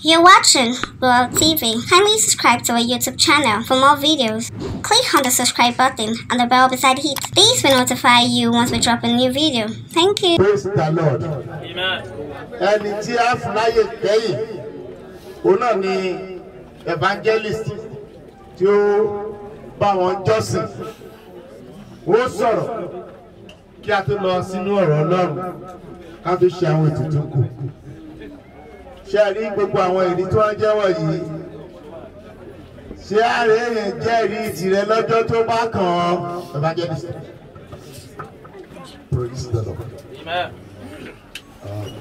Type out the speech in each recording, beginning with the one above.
You're watching Blowout TV. Kindly subscribe to our YouTube channel for more videos. Click on the subscribe button and the bell beside it. These will notify you once we drop a new video. Thank you. Praise the Lord. Amen. Ẹni tí a fún láyè kẹ́yìn, òun náà ni evangelist tí ó bá wọn jọ́sìn. kiatu sọ̀rọ̀ kí a tó lọ sínú ọ̀rọ̀ ṣe àrí gbogbo àwọn ìdí tí wọ́n jẹ́wọ́ yìí ṣé àárẹ̀ èèyàn jẹ́rìí tìrẹ lọ́jọ́ tó bá kàn án bàbá jẹ́ bísí. Praise the Lord. Amen. Um,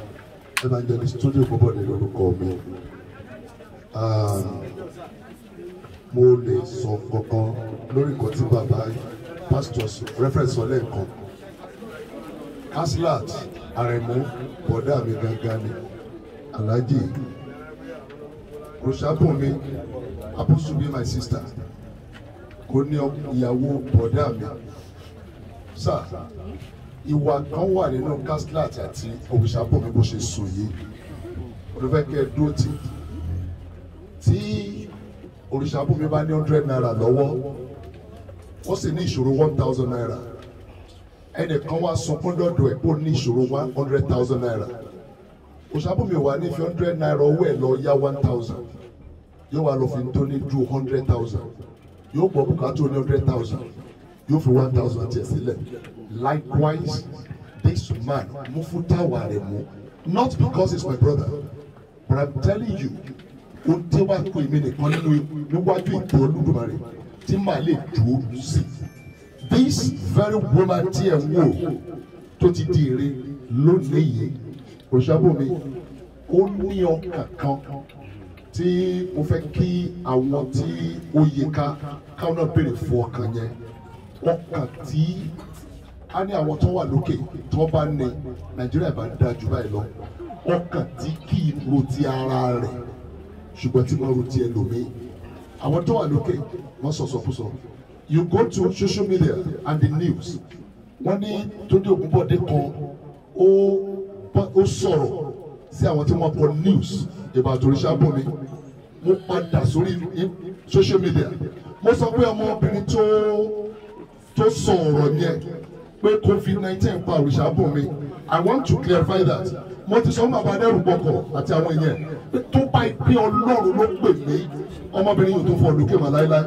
evangelist Túndé Ògúnbọ̀dé lórúkọ mi. Ah, mo lè sọ kankan lórí nǹkan tí bàbá pastors reference sọ lẹ́ẹ̀kan. Aslat Aremu bọ̀dá mi gangan ni alhaji rosabunmi abusubi my sister Konyo, ní ìyàwó Sir, mi sà ìwà kan wà nínú Kaslat àti òrìṣàbùnmi bó ṣe sùn yìí olùfẹ́kẹ́ dúró tì tí òrìṣàbùnmi bá ní hundred naira lọ́wọ́ What's the ní ìṣòro one thousand naira ẹnìkan wá sọ fún dọ́dọ̀ ẹ̀ pé ó ní ìṣòro one hundred thousand naira òṣàbùnmí wà ní fi hundred naira owó ẹ̀ lọ yá one thousand yóò wá lọ fi tó ní ju hundred thousand yóò gbọ́ bùkátà ní hundred thousand yóò fi one thousand tiẹ̀ sílẹ̀ likewise this man mo fún táwa rẹ̀ mú not because he's my brother but i'm telling you ó dé wá pé mi nìkan nínú níwájú ìtọ́ Olódùmarè tí màá lè dúró sí this very woman tí ẹ̀ ń wò tó ti di ire lónìí yìí kò sábòmí ó ní ọkàn kan tí mo fẹ́ kí àwọn tí ó yẹ ká káwọn náà béèrè fún ọkàn yẹn ọkàn tí a ní àwọn tó wà lókè tó bá ní nàìjíríà bá dáa jù báyìí lọ ọkàn tí kì í ro ti ara rẹ̀ ṣùgbọ́n tí mo ro ti ẹlòmíì àwọn tó wà lókè wọ́n sọ̀sọ̀kúsọ you go to social media and the news wọ́n ní Túndé Ògúnbọ̀dé kan ó. Oh, ó sọ̀rọ̀ sí àwọn tí wọ́n kọ news ìbàdàn oríṣàbọ̀mí mo padà sórí social media mo sọ pé ọmọbìnrin tó tó sọ ọ̀rọ̀ yẹn pé covid nineteen pa oríṣàbọ̀mí i want to clarify that mo ti sọ fún bàbá adẹ́rùbọ̀kọ̀ àti àwọn èèyàn tó bá pé ọlọ́run ló pè mí ọmọbìnrin yìí tó fọ lókè mà láéláé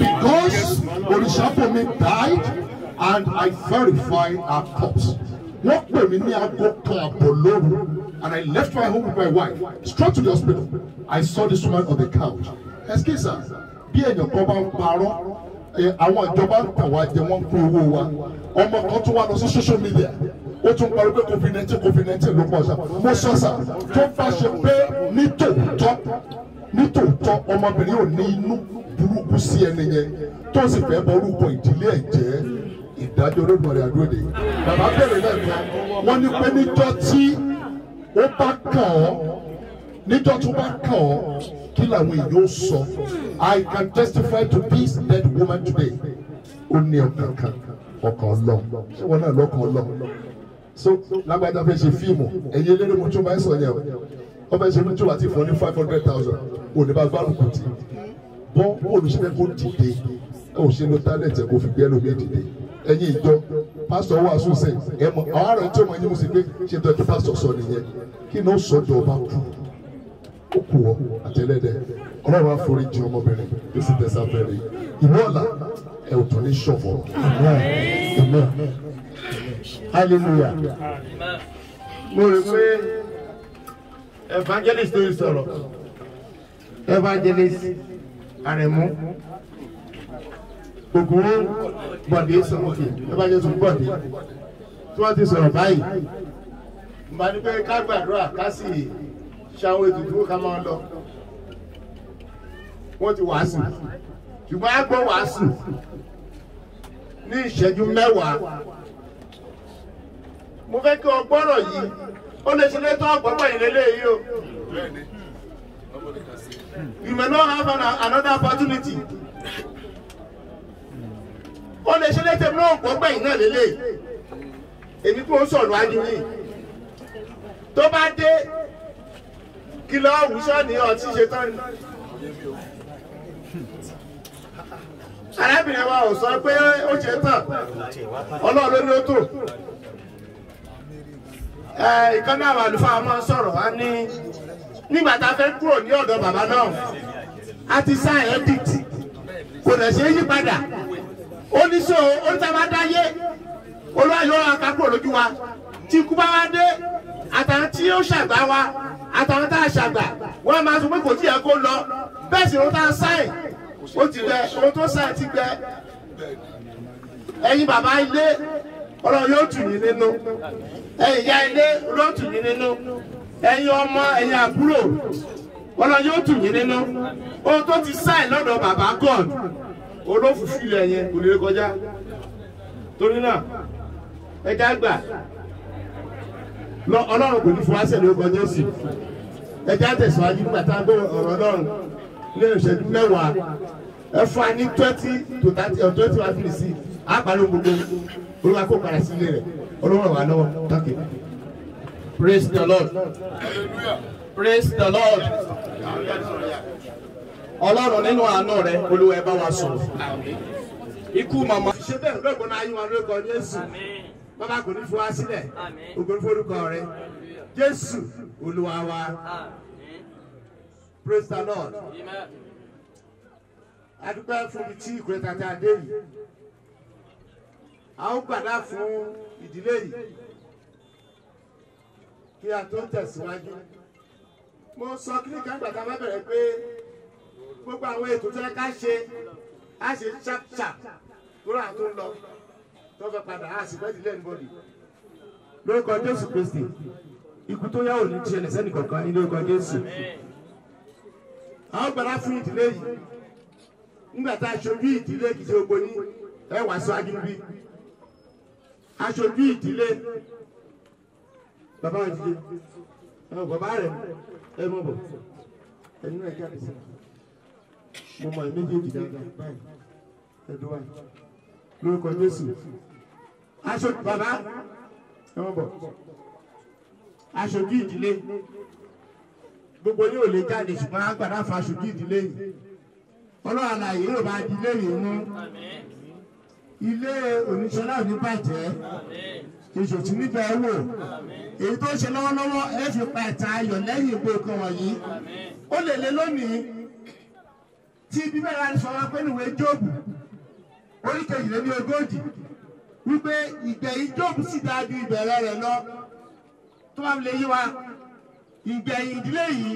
because oríṣàbọ̀mí died and i verify her corpse wọ́n pè mí ní aago kan àbọ̀ lóru and I left my home with my wife straight to the hospital I saw this woman on the couch excuse me, bí èèyàn kan bá ń parọ́ eh, àwọn ìjọba ń tàn wá jẹ wọ́n ń kó owó wa ọmọ kan tún wá lọ sí social media ó tún parí pé covid nineteen covid nineteen ló pọ̀ ṣá mo sọ sá tó bá ṣe pé ní tòótọ́ ní tòótọ́ ọmọbìnrin ò ní inú burúkú sí ẹni yẹn tó sì fẹ́ bọ orúkọ ìdílé ẹ̀ jẹ́ ìdájọ́ olódùmarè àdúró de bàbá bẹ̀rẹ̀ lẹ́ẹ̀kan wọ́n ní pé níjọ́ tí ó bá kàn ọ́ níjọ́ tó bá kàn ọ́ kí làwọn èèyàn ó sọ I can testify to this dead woman today ó ní ọkàn kan ọkàn ọlọ́ ṣé wọn náà lọ́kàn ọlọ́ so lágbàdá fẹ́ ṣe fíìmù ẹ̀yin eléré mo tún bá ń sọ yẹn o wọ́n fẹ́ ṣe lójú àti ìfọ̀ ní five hundred thousand òní bá gbárùkù tì bọ́ olùṣẹ́fẹ́ kó dìde òṣèlú talent ẹ̀ kó fi gbẹ́ lómi dìde ẹ̀yin ìjọ pásítọ̀ wà sùsẹ̀ ẹ̀ mọ̀ àwọn àrùn tí ó mọ̀ ẹ̀yin mo pé ṣe tó ẹ̀ pásítọ̀ sọ nìyẹn kí ni ó sọ jọ ọba kú ó kù ọ́ àtẹlẹ́dẹ̀ ọlọ́run á forí jì ọmọbìnrin tó sì tẹ̀ sáfẹ́rẹ́ ìlú ọ̀la ẹ̀ ò tún ní ṣọ̀fọ̀ hallelujah mo rò pé evangelist tó ń sọ̀rọ̀ evangelist Àrẹ̀mú. Ògúnwó Bọ̀dé Sọ̀rọ̀kì ẹ bá jẹ́ tún Bọ̀dé tí wọ́n ti sọ̀rọ̀ báyìí màá ní ká gbàdúrà ká sì ṣàwọn ètùtù ká máa lọ wọ́n ti wàásù ṣùgbọ́n a gbọ́ wàásù ní ìṣẹ́jú mẹ́wàá mo fẹ́ kí o yìí ó lè ṣe létọ́ ọ̀pọ̀pọ̀ ìrẹ́lẹ̀ yìí o. You may not have an, another opportunity wọ́n lè ṣe lẹ́tẹ̀ náà kó gbẹ̀yìn náà lélẹ̀ èmi kò ń sọ̀rọ̀ adìyí tó bá dé kí lọ́ọ́ wùsọ̀ ní ọtí ṣe tán ni. arábìnrin wa ò sọ pé ó ṣe tán ọlọ́run ló tó ìkan náà wà lùfà máa sọ̀rọ̀ wá ní nígbà tá a fẹ́ kúrò ní ọ̀dọ̀ bàbá náà a ti sá ẹ̀ dìtì kò dẹ̀ ṣe é yí padà oníṣẹ́ onítàbádáyé olúwayọ àkàkúrò lójú wa tí ikú bá wá dé àtàwọn tí ó ṣàgbà wa àtàwọn tá a ṣàgbà wọn máa sọ pé kò tí yẹ kó lọ bẹ́ẹ̀ sì ló tá a sáìn ó ti gbẹ ohun tó sáìn ti gbẹ ẹ̀yin bàbá ilé ọlọ́run yóò tù yín nínú ẹ̀yin ìyá ilé yóò tù yín nínú ẹ̀yin ọmọ ẹ̀yin àbúrò ọlọ́run yóò tù yín nínú ohun tó ti sáìn lọ́dọ̀ bàbá god olófùfù ilẹ̀ yẹn kò lè kọjá torí náà ẹ já gbà lọ ọlọ́run kò ní fún wáṣẹ̀ ló kọjá sí ẹ já tẹ̀síwájú nígbà tá a gbé ọ̀rọ̀ ọlọ́run ní ìṣẹ́jú mẹ́wàá ẹ fún wa ní twenty to thirty or twenty one three sí àpàlù gbogbo olúwa kó padà sí ilé rẹ̀ olúwa wà lọ́wọ́ thank you. praise the lord praise the lord. ọlọ́run nínú àánú rẹ olúwa ẹ bá wa ikú mama. ṣé bẹ́ẹ̀ lóògùn náà yín wọn lóògùn jésù bàbá kò ní fi wá sílẹ̀ ògùn forúkọ rẹ jésù olúwa wa praise the lord fún ìdílé yìí kí a tó tẹ̀síwájú mo sọ kí gbogbo àwọn ètò tó yẹ ká ṣe á ṣe ṣàpṣàp lórí àwọn lọ tó fẹ́ padà á sì fẹ́ẹ́ dílé nbọ́dì. lórúkọ Jésù Kristi ikú tó yá ò ní ṣẹlẹ̀ sẹ́nì ní lórúkọ Jésù. àwọn gbàrà fún ìdílé yìí nígbà tá a ṣojú ìdílé kìí ṣe gbogbo ẹ wàá sọ agídí aṣojú ìdílé bàbá ìdílé bàbá rẹ ẹ mọ bọ ẹnu ẹ jáde sí i mo mọ méjèèjì dáadáa báyìí ẹdùn wa lórúkọ Jésù aṣọ bàbá ẹ wọn bọ aṣojú ìdílé gbogbo yóò lè jáde ṣùgbọ́n agbára fa aṣojú ìdílé yìí ọlọ́run àlàyé yóò bá di ilé yìí mú ilé oníṣọ́lá ní bàjẹ́ èso tí níbẹ̀ wò èyí tó ṣe lọ́wọ́lọ́wọ́ ẹ fi pa ẹ̀ta ayọ̀ lẹ́yìn ìgbò kan wọ̀nyí ó lè lé lónìí tí bíbélì láti sọ wá pé nìwé jóòbù oríkèjìléní ogójì wípé ìgbẹ̀yìn jóòbù sì dáa ju ìbẹ̀rẹ̀ rẹ̀ lọ tó bá lè yí wa ìgbẹ̀yìn ìdílé yìí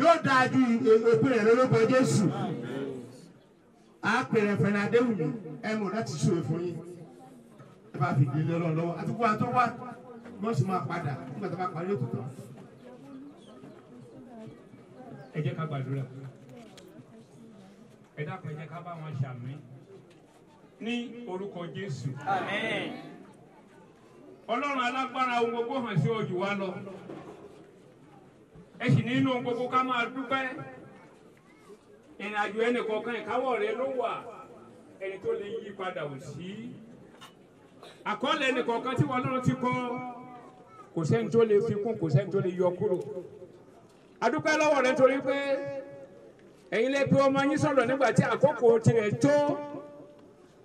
yóò dáa ju òpin rẹ̀ lórúkọ Jésù àpèrè fẹ̀rẹ̀ adéhùnmí ẹ̀mú láti ṣòro fún yín ẹ bá fi ìdílé lọ lọ́wọ́ àti gbogbo àtọ́wá wọ́n sì máa padà nígbà tó bá parí ètò tán. ẹ jẹ́ ká gbàdúrà ẹ dákun ẹ jẹ́ ká bá wọn ṣàmì ní orúkọ Jésù. Ọlọ́run alágbára ohun gbogbo hàn sí ojú wa lọ ẹ sì nínú ohun gbogbo ká máa dúpẹ́ ìrìnàjò ẹnìkọ̀ọ̀kan ìkáwọ́ rẹ ló wà ẹni tó lè yí padà ò sí àkọọ́lẹ̀ ẹnìkọ̀ọ̀kan tí wọn lọ́run ti kọ kò sẹ́ni tó lè fi kún kò sẹ́ni tó lè yọ kúrò a lọ́wọ́ rẹ nítorí pé ẹ̀yin lè pe ọmọ yín sọ̀rọ̀ nígbà tí àkókò tirẹ̀ tó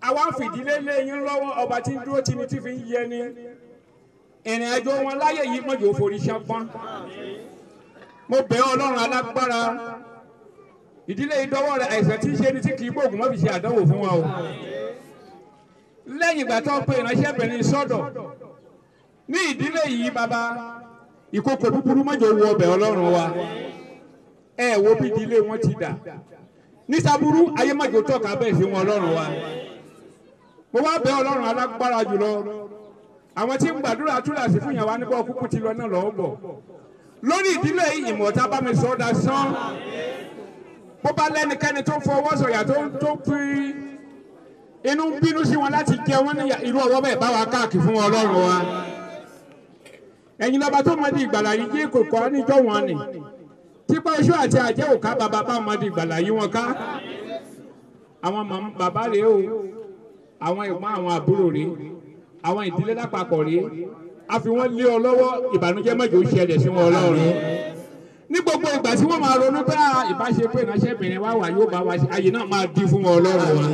àwa fìdílé lé yín lọ́wọ́ ọba tí ń dúró tì ní tí fi ń yẹ ni ìrìn àjò wọn láyé yìí mọ̀jọ òfòrí ṣánpọ́n mo bẹ̀ ọlọ́run alágbára ìdílé ìdọ́wọ́ rẹ àìsàn tí ń ṣe ni tí kì í gbóògùn mọ́ fi ṣe àdánwò fún wa o lẹ́yìn ìgbà tó ń pe ìránṣẹ́bìnrin sọ́dọ̀ ní ìdílé yìí bàbá ìkòkò búburú mọ̀jọ wọ ọbẹ̀ ọlọ́run wa ẹ wo bí ìdílé wọn ti dà nísàbúrú ayé májò tọ́ka bẹ́ẹ̀ sí wọn ọlọ́run wa mo wá bẹ̀ ọlọ́run alágbára jùlọ àwọn tí ń gbàdúrà túlàsí fún yàn wá nígbà kúkú ti lọ náà lọ́wọ́ bọ̀ lórí ìdílé ìmọ̀ta bá mi sọ dasán bó bá lẹ́nikẹ́ni tó fọwọ́ sọ̀yà tó tó fi inú bínú sí wọn láti jẹ wọn ní irú ọwọ́ bẹ́ẹ̀ bá wa káàkiri fún ọlọ́run wa ẹ̀yin lọ́ba tó mọ di ìgbàlá yìí jẹ́ kò kọ́ níjọ́ wọn ni tipa oṣù àti àjẹ́ òká bàbá bá ọmọdé ìgbàlà yí wọn ká àwọn bàbá rèé o àwọn ẹ̀gbọ́n àwọn àbúrò rèé àwọn ìdílé lápapọ̀ rèé a fi wọ́n lé ọ lọ́wọ́ ìbànújẹ́ mọ́jọ ó ṣẹlẹ̀ sí wọn ọlọ́run ní gbogbo ìgbà tí wọ́n máa ronú pé ah, ìbáṣe pé ìránṣẹ́ ìbìnrin wá wà yóò bá wa ṣe ayé náà máa di fún wọn ọlọ́run wọn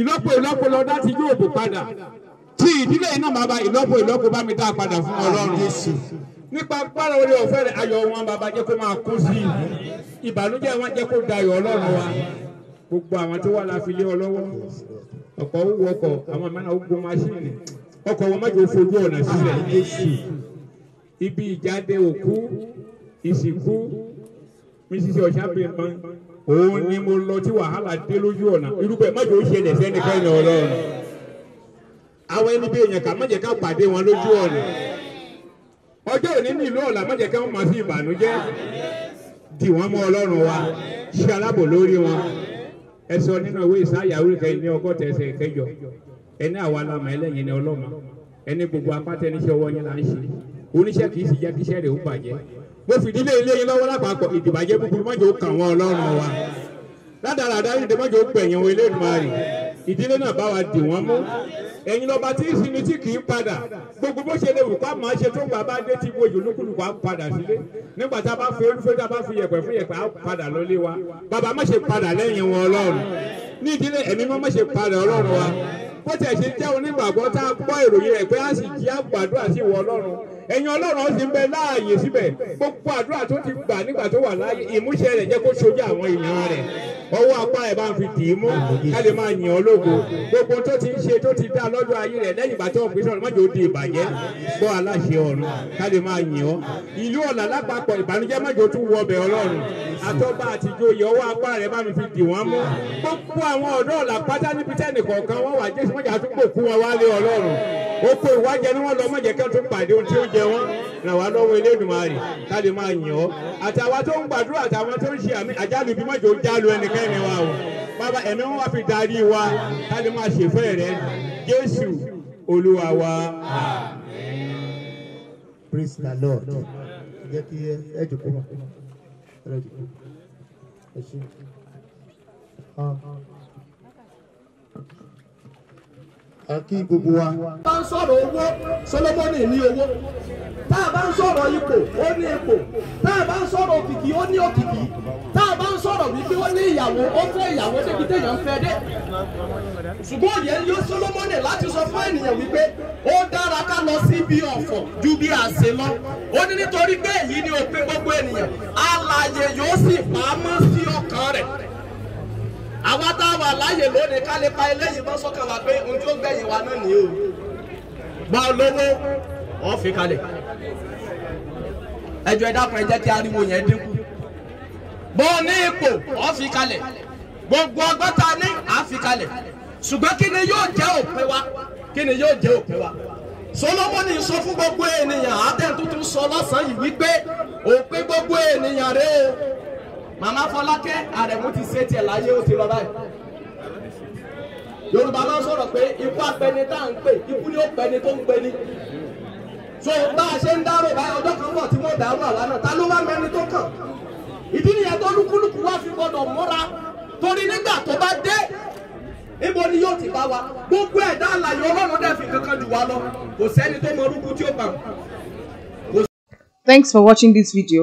ìlọ́po ìlọ́po lọ́dá ti yóò bò padà tí ìdílé iná máa ba ìlọ́po ìlọ́po bá nípa pàrọ orí ọ̀fẹ́ rẹ̀ ayọ̀ wọn bàbá jẹ́ kó máa kú sí i ìbànújẹ́ wọn jẹ́ kó dayọ̀ ọlọ́run wa gbogbo àwọn tó wà láfilé ọlọ́wọ́ ọkọ̀ owó ọkọ̀ àwọn mẹ́ta ogun máṣíìnì ọkọ̀ wọn mẹ́jọ fojú ọ̀nà sílẹ̀ ac ibi ìjáde òkú ìsìnkú mrs ọ̀ṣàbẹ̀mọ òun ni mo lọ tí wàhálà dé lójú ọ̀nà irúgbẹ́ mẹ́jọ ó ṣẹlẹ̀ sẹ́nikẹ́ni ọlọ́run àwọn ẹni bí èèyàn kà má ká pàdé wọn lójú ọ̀nà ọjọ́ òní ní ìlú ọ̀la má jẹ́ kí wọ́n máa fi ìbànújẹ́ dì wọ́n mọ́ ọlọ́run wa ṣe alábò lórí wọn ẹ sọ nínú ìwé ìsáyà orí kẹyìn ní ọgọ́ta ẹsẹ̀ kẹjọ ẹni àwa lamọ ẹlẹ́yìn ni ọlọ́mọ ẹni gbogbo apáta ẹni iṣẹ́ ọwọ́ yín là ń ṣe oníṣẹ́ kì í sì jẹ́ kí iṣẹ́ rẹ̀ ó bàjẹ́ mo fìdí lé ilé yín lọ́wọ́ lápapọ̀ ìdìbàjẹ́ búburú mọ́jọ́ kàn wọ́n ọlọ́run wa ládàládà ìdè mọ́jọ́ gbẹ̀yìn wọn ilé ìdùnnú ìdílé náà bá wa dì wọ́n mú ẹ̀yin lọ́ba tí ìsinmi tí kì í padà gbogbo bó ṣe lè wù kó àmọ́ ṣe tó gbà bá dé tí gbogbo olúkúlùkù á padà sílé nígbà tá a bá fi olúfẹ́ tá a bá fi yẹ̀pẹ̀ fún yẹ̀pẹ̀ á padà lọ́lé wa bàbá má ṣe padà lẹ́yìn wọn ọlọ́run ní ìdílé ẹ̀mí má má ṣe padà ọlọ́run wa bó tẹ̀ ṣe jẹ́ onígbàgbọ́ tá a gbọ́ ìròyìn rẹ̀ a sì jí àgbàdo àti ìwọ ọlọ́run ẹ̀yin ọlọ́run ó sì ń bẹ láàyè síbẹ̀ gbogbo àdúrà tó ti gbà nígbà tó wà láàyè ìmúṣẹ rẹ̀ jẹ́ kó ṣojú àwọn èèyàn rẹ̀ ọwọ́ apá ẹ̀ bá ń fi dì í mú ká lè máa yìn ọ́ lógo gbogbo tó ti ń ṣe tó ti dá lọ́jọ́ ayé rẹ̀ lẹ́yìn ìgbà tó ń pèsè ọ̀run mọ́jọ́ ó di ìbàjẹ́ gbọ́ aláṣẹ ọ̀run ká lè máa yìn ọ́ ìlú ọ̀là lápapọ̀ ìbànújẹ́ mọ́jọ́ tún wọ ọbẹ̀ ọlọ́run àtọ́ba àtijọ́ yẹ ọwọ́ apá rẹ̀ bá mi fi dì wọ́n mú gbogbo àwọn ọ̀dọ́ ọ̀là pátá níbi tẹ́nì kọ̀ọ̀kan wọ́n wà jésù mọ́jà àtúgbò oko ìwájẹ ni wọn lọ mọ̀jẹ̀ kẹ́ tó pàdé ohun tí ó jẹ wọn ràn wá lọ́wọ́ Elédùmarè ká lè máa yàn ọ́ àtàwọn tó ń gbàdúrà àtàwọn tó ń ṣe àmì àjálù bí mọ̀jẹ̀ ó jálu ẹnikẹ́ni wa o bàbá ẹ̀mí wọn wá fi darí wa ká lè máa ṣèfẹ́ rẹ Jésù Olúwa wa. Praise the Lord jẹ́ kí ẹ jòkó ẹ jòkó ẹ ṣe. àkí gbogbo wa. bá ń sọ̀rọ̀ owó Solomoni ní owó tá a bá ń sọ̀rọ̀ ipò ó ní ipò tá a bá ń sọ̀rọ̀ òkìkí ó ní òkìkí tá a bá ń sọ̀rọ̀ wípé ó ní ìyàwó ó fẹ́ ìyàwó débi téèyàn ń fẹ́ dé. ṣùgbọ́n òye ń yọ Solomoni láti sọ fún ènìyàn wípé ó dára ká lọ sí ibi ọ̀fọ̀ ju bí àṣẹ lọ ó ní nítorí pé èyí ni òpin gbogbo ènìyàn alààyè yóò sì pamọ́ sí ọkàn rẹ̀ àwa tá a wà láàyè lónìí ká lè pa eléyìí bọ́ sọ́kàn wa pé ohun tó gbẹ̀yìn wa náà nìyí o gbọ́ lówó ọ̀ fi kalẹ̀ ẹjọ́ ẹ dákun ẹ jẹ́ kí ariwo yẹn dínkù bọ́ ní ipò ọ̀ kalẹ̀ gbogbo ọgọ́ta ní àfikalẹ̀ ṣùgbọ́n kí ni yóò jẹ́ òpin wa kí ni yóò jẹ́ òpin wa solomoni sọ fún gbogbo ènìyàn àtẹ̀ntútù sọ lọ́sàn-án yìí wípé òpin gbogbo ènìyàn rèé màmá Fọlákẹ́ Àrẹ̀mú ti ṣe tiẹ̀ láyé ó ti lọ báyìí Yorùbá máa ń sọ̀rọ̀ pé ikú apẹni tá à ń pè ikú ni ó pẹni tó ń pẹni so bá a ṣe ń dárò báyìí ọjọ́ kan bọ̀ tí mo dàrú àwa náà ta ló wá mẹ́ni tó kàn ìdí nìyẹn tó lúkúlùkù wá fi gbọdọ̀ múra torí nígbà tó bá dé níbo ni yóò ti bá wa gbogbo ẹ̀dá àlàyé Ọlọ́run dẹ̀ fi kankan jù wá lọ kò sẹ́ni tó mọ orúkú tí ó bà. Thanks for watching this video.